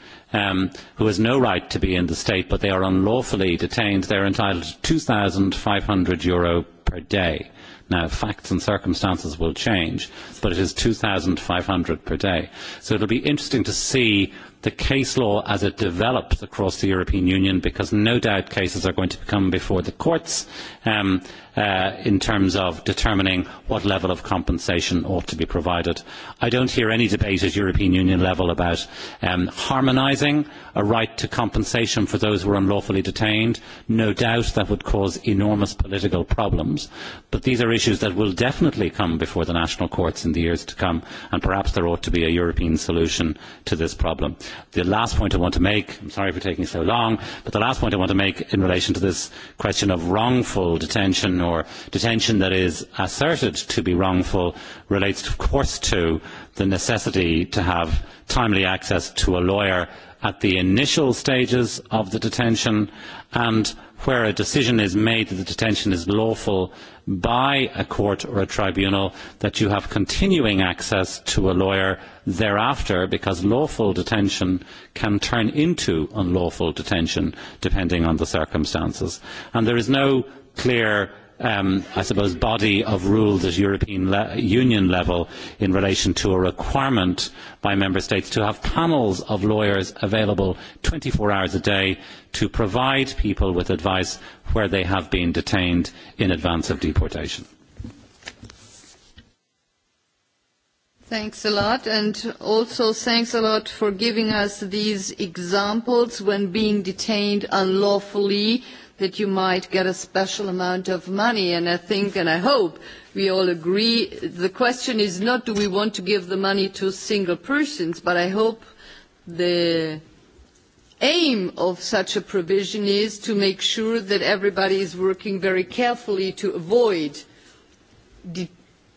who has no right to be in the state, but they are unlawfully detained, they are entitled to €2,500 per day Now, facts and circumstances will change, but it is 2,500 per day. So it'll be interesting to see the case law as it develops across the European Union, because no doubt cases are going to come before the courts. Um, in terms of determining what level of compensation ought to be provided. I do not hear any debate at European Union level about harmonising a right to compensation for those who are unlawfully detained. No doubt that would cause enormous political problems, but these are issues that will definitely come before the national courts in the years to come, and perhaps there ought to be a European solution to this problem. The last point I want to make, I am sorry for taking so long, but the last point I want to make in relation to this question of wrongful detention or detention that is asserted to be wrongful relates, of course, to the necessity to have timely access to a lawyer at the initial stages of the detention and where a decision is made that the detention is lawful by a court or a tribunal, that you have continuing access to a lawyer thereafter, because lawful detention can turn into unlawful detention depending on the circumstances. And there is no clear um, I suppose, body of rules at European le- Union level in relation to a requirement by Member States to have panels of lawyers available twenty four hours a day to provide people with advice where they have been detained in advance of deportation. Thanks a lot, and also thanks a lot for giving us these examples when being detained unlawfully that you might get a special amount of money. And I think and I hope we all agree the question is not do we want to give the money to single persons, but I hope the aim of such a provision is to make sure that everybody is working very carefully to avoid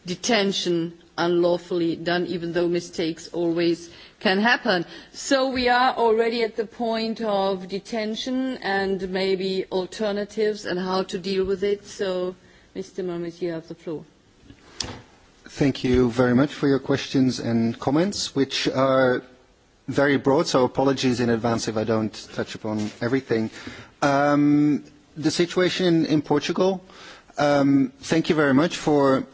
detention unlawfully done, even though mistakes always can happen. So we are already at the point of detention and maybe alternatives and how to deal with it. So, Mr. Mermes, you have the floor. Thank you very much for your questions and comments, which are very broad, so apologies in advance if I don't touch upon everything. Um, the situation in Portugal, um, thank you very much for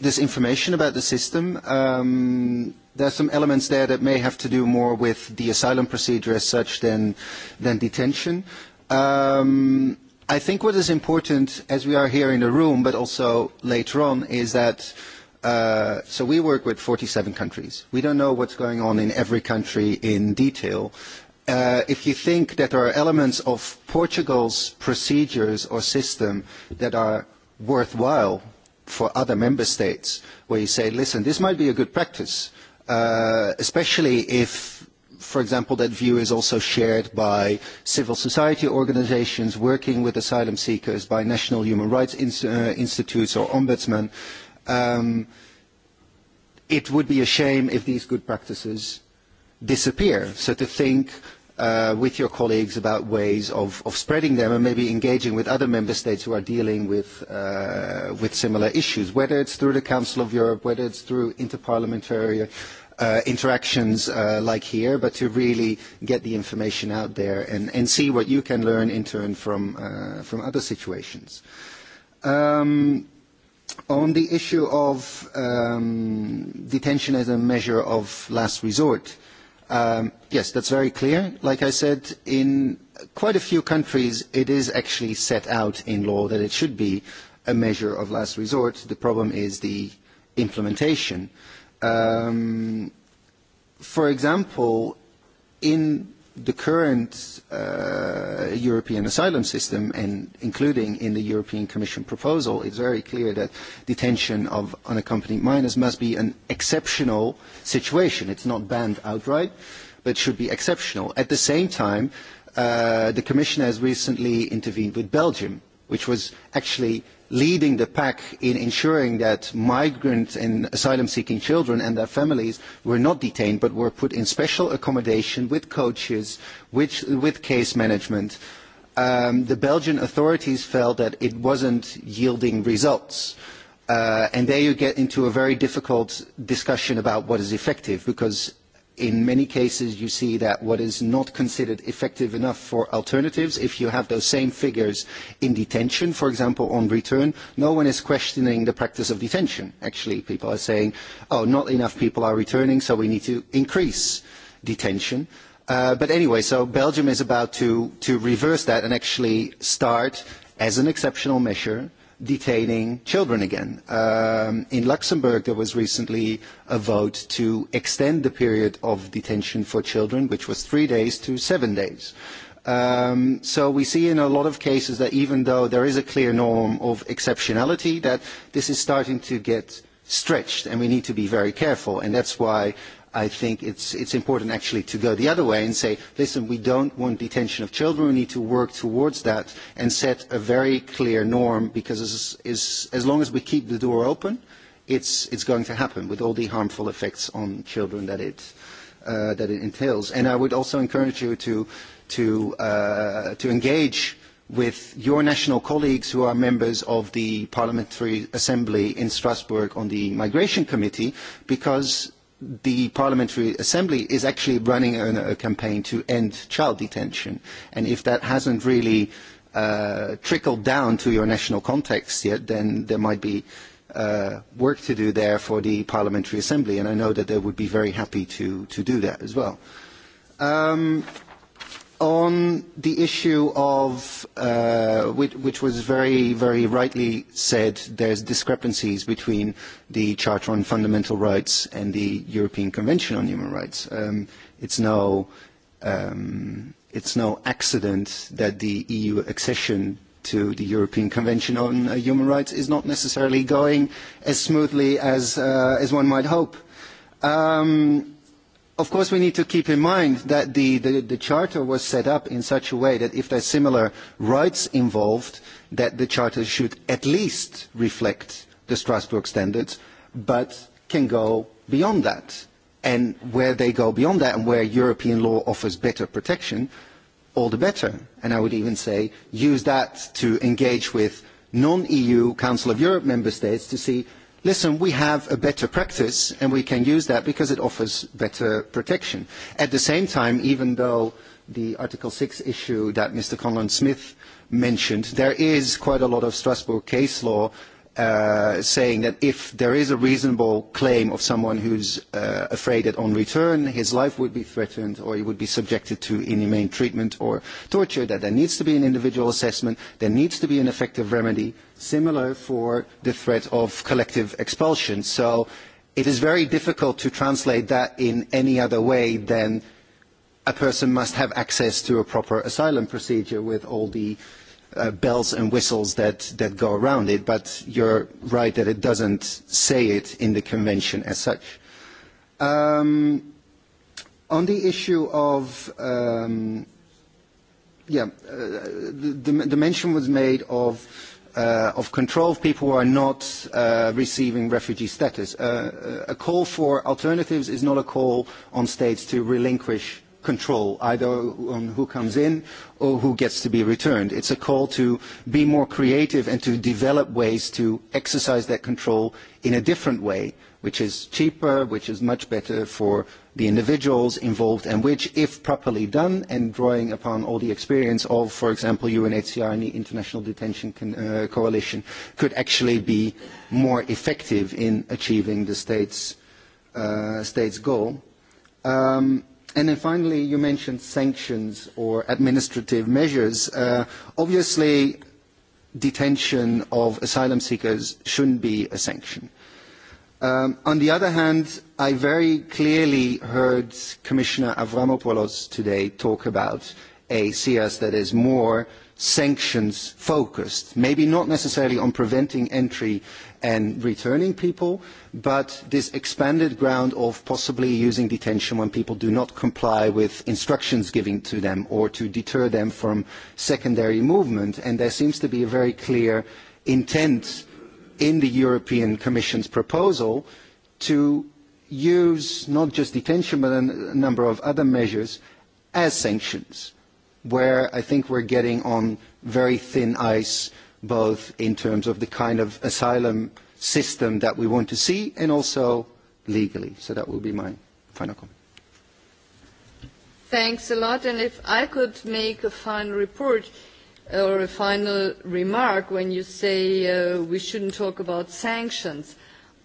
this information about the system. Um, there are some elements there that may have to do more with the asylum procedure as such than, than detention. Um, I think what is important, as we are here in the room, but also later on, is that uh, so we work with 47 countries. We don't know what's going on in every country in detail. Uh, if you think that there are elements of Portugal's procedures or system that are worthwhile for other member states where you say, listen, this might be a good practice, uh, especially if, for example, that view is also shared by civil society organizations working with asylum seekers, by national human rights uh, institutes or ombudsmen. Um, it would be a shame if these good practices disappear. So to think uh, with your colleagues about ways of, of spreading them and maybe engaging with other member states who are dealing with, uh, with similar issues, whether it's through the Council of Europe, whether it's through interparliamentary uh, interactions uh, like here, but to really get the information out there and, and see what you can learn in turn from, uh, from other situations. Um, on the issue of um, detention as a measure of last resort, yes, that's very clear. Like I said, in quite a few countries, it is actually set out in law that it should be a measure of last resort. The problem is the implementation. for example, in the current uh, European asylum system, and including in the European Commission proposal, it's very clear that detention of unaccompanied minors must be an exceptional situation. It's not banned outright, but should be exceptional. At the same time, uh, the Commission has recently intervened with Belgium, which was actually leading the pack in ensuring that migrant and asylum-seeking children and their families were not detained but were put in special accommodation with coaches, with case management. the Belgian authorities felt that it wasn't yielding results. and there you get into a very difficult discussion about what is effective because in many cases you see that what is not considered effective enough for alternatives, if you have those same figures in detention, for example, on return, no one is questioning the practice of detention. Actually, people are saying, oh, not enough people are returning, so we need to increase detention. Uh, but anyway, so Belgium is about to, to reverse that and actually start, as an exceptional measure, uh, detaining children again. Um, in Luxembourg, there was recently a vote to extend the period of detention for children, which was three days to seven days. Um, so we see in a lot of cases that even though there is a clear norm of exceptionality, that this is starting to get stretched, and we need to be very careful. And that's why I think it's, it's important actually to go the other way and say, listen, we don't want detention of children. We need to work towards that and set a very clear norm because as, as, as long as we keep the door open, it's, it's going to happen with all the harmful effects on children that it, uh, that it entails. And I would also encourage you to, to, uh, to engage with your national colleagues who are members of the Parliamentary Assembly in Strasbourg on the Migration Committee because the Parliamentary Assembly is actually running a, a campaign to end child detention. And if that hasn't really uh, trickled down to your national context yet, then there might be uh, work to do there for the Parliamentary Assembly. And I know that they would be very happy to, to do that as well. Um, on the issue of, uh, which, which was very, very rightly said, there's discrepancies between the Charter on Fundamental Rights and the European Convention on Human Rights. Um, it's, no, um, it's no accident that the EU accession to the European Convention on uh, Human Rights is not necessarily going as smoothly as, uh, as one might hope. Um, Of course, we need to keep in mind that the, the, the charter was set up in such a way that if there are similar rights involved, that the charter should at least reflect the Strasbourg standards, but can go beyond that. And where they go beyond that and where European law offers better protection, all the better. And I would even say use that to engage with non-EU Council of Europe member states to see listen, we have a better practice and we can use that because it offers better protection. At the same time, even though the Article 6 issue that Mr. Conlon-Smith mentioned, there is quite a lot of Strasbourg case law saying that if there is a reasonable claim of someone who's uh, afraid that on return his life would be threatened or he would be subjected to inhumane treatment or torture, that there needs to be an individual assessment, there needs to be an effective remedy, similar for the threat of collective expulsion. So it is very difficult to translate that in any other way than a person must have access to a proper asylum procedure with all the uh, bells and whistles that, that go around it. But you're right that it doesn't say it in the convention as such. Um, on the issue of um, yeah, uh, the, the mention was made of of control of people who are not receiving refugee status. a call for alternatives is not a call on states to relinquish control, either on who comes in or who gets to be returned. It's a call to be more creative and to develop ways to exercise that control in a different way which is cheaper, which is much better for the individuals involved, and which, if properly done and drawing upon all the experience of, for example, UNHCR and the International Detention Con uh, Coalition, could actually be more effective in achieving the state's, uh, state's goal. Um, and then finally, you mentioned sanctions or administrative measures. Uh, obviously, detention of asylum seekers shouldn't be a sanction. Uh, on the other hand, I very clearly heard Commissioner Avramopoulos today talk about a CS that is more sanctions focused, maybe not necessarily on preventing entry and returning people, but this expanded ground of possibly using detention when people do not comply with instructions given to them or to deter them from secondary movement. And there seems to be a very clear intent in the European Commission's proposal to use not just detention but a number of other measures as sanctions, where I think we're getting on very thin ice, both in terms of the kind of asylum system that we want to see and also legally. So that will be my final comment. Thanks a lot. And if I could make a final report, or a final remark when you say uh, we shouldn't talk about sanctions.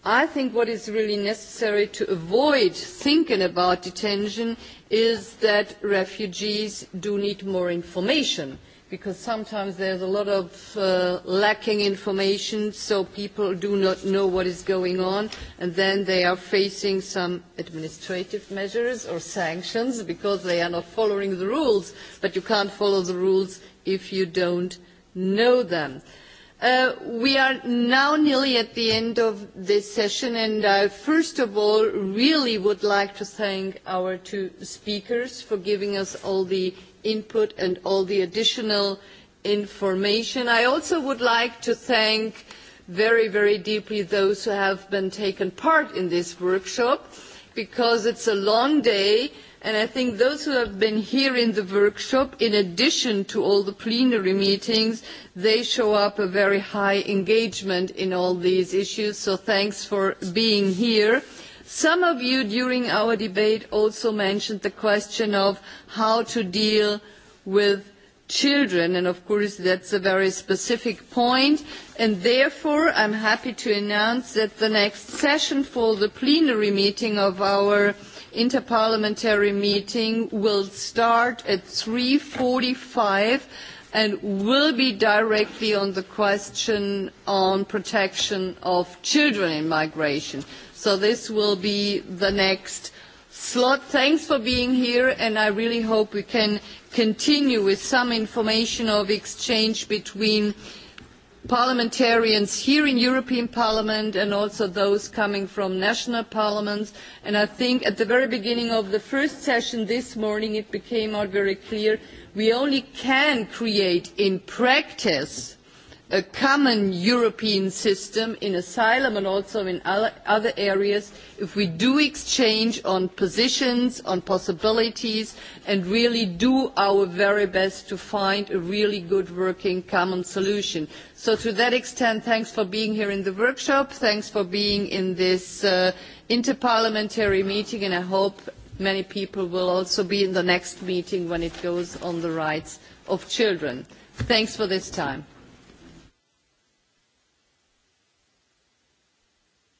I think what is really necessary to avoid thinking about detention is that refugees do need more information because sometimes there's a lot of uh, lacking information, so people do not know what is going on, and then they are facing some administrative measures or sanctions because they are not following the rules, but you can't follow the rules if you don't know them. we are now nearly at the end of this session, and I first of all really would like to thank our two speakers for giving us all the input and all the additional information. I also would like to thank very, very deeply those who have been taken part in this workshop, because it's a long day, And I think those who have been here in the workshop, in addition to all the plenary meetings, they show up a very high engagement in all these issues. So thanks for being here. Some of you during our debate also mentioned the question of how to deal with children and of course that's a very specific point and therefore I'm happy to announce that the next session for the plenary meeting of our interparliamentary meeting will start at 3.45 and will be directly on the question on protection of children in migration. So this will be the next slot. Thanks for being here, and I really hope we can continue with some information of exchange between parliamentarians here in European Parliament and also those coming from national parliaments. And I think at the very beginning of the first session this morning, it became out very clear we only can create in practice a common European system in asylum and also in other areas if we do exchange on positions, on possibilities, and really do our very best to find a really good working common solution. So to that extent, thanks for being here in the workshop, thanks for being in this interparliamentary meeting, and I hope many people will also be in the next meeting when it goes on the rights of children. Thanks for this time.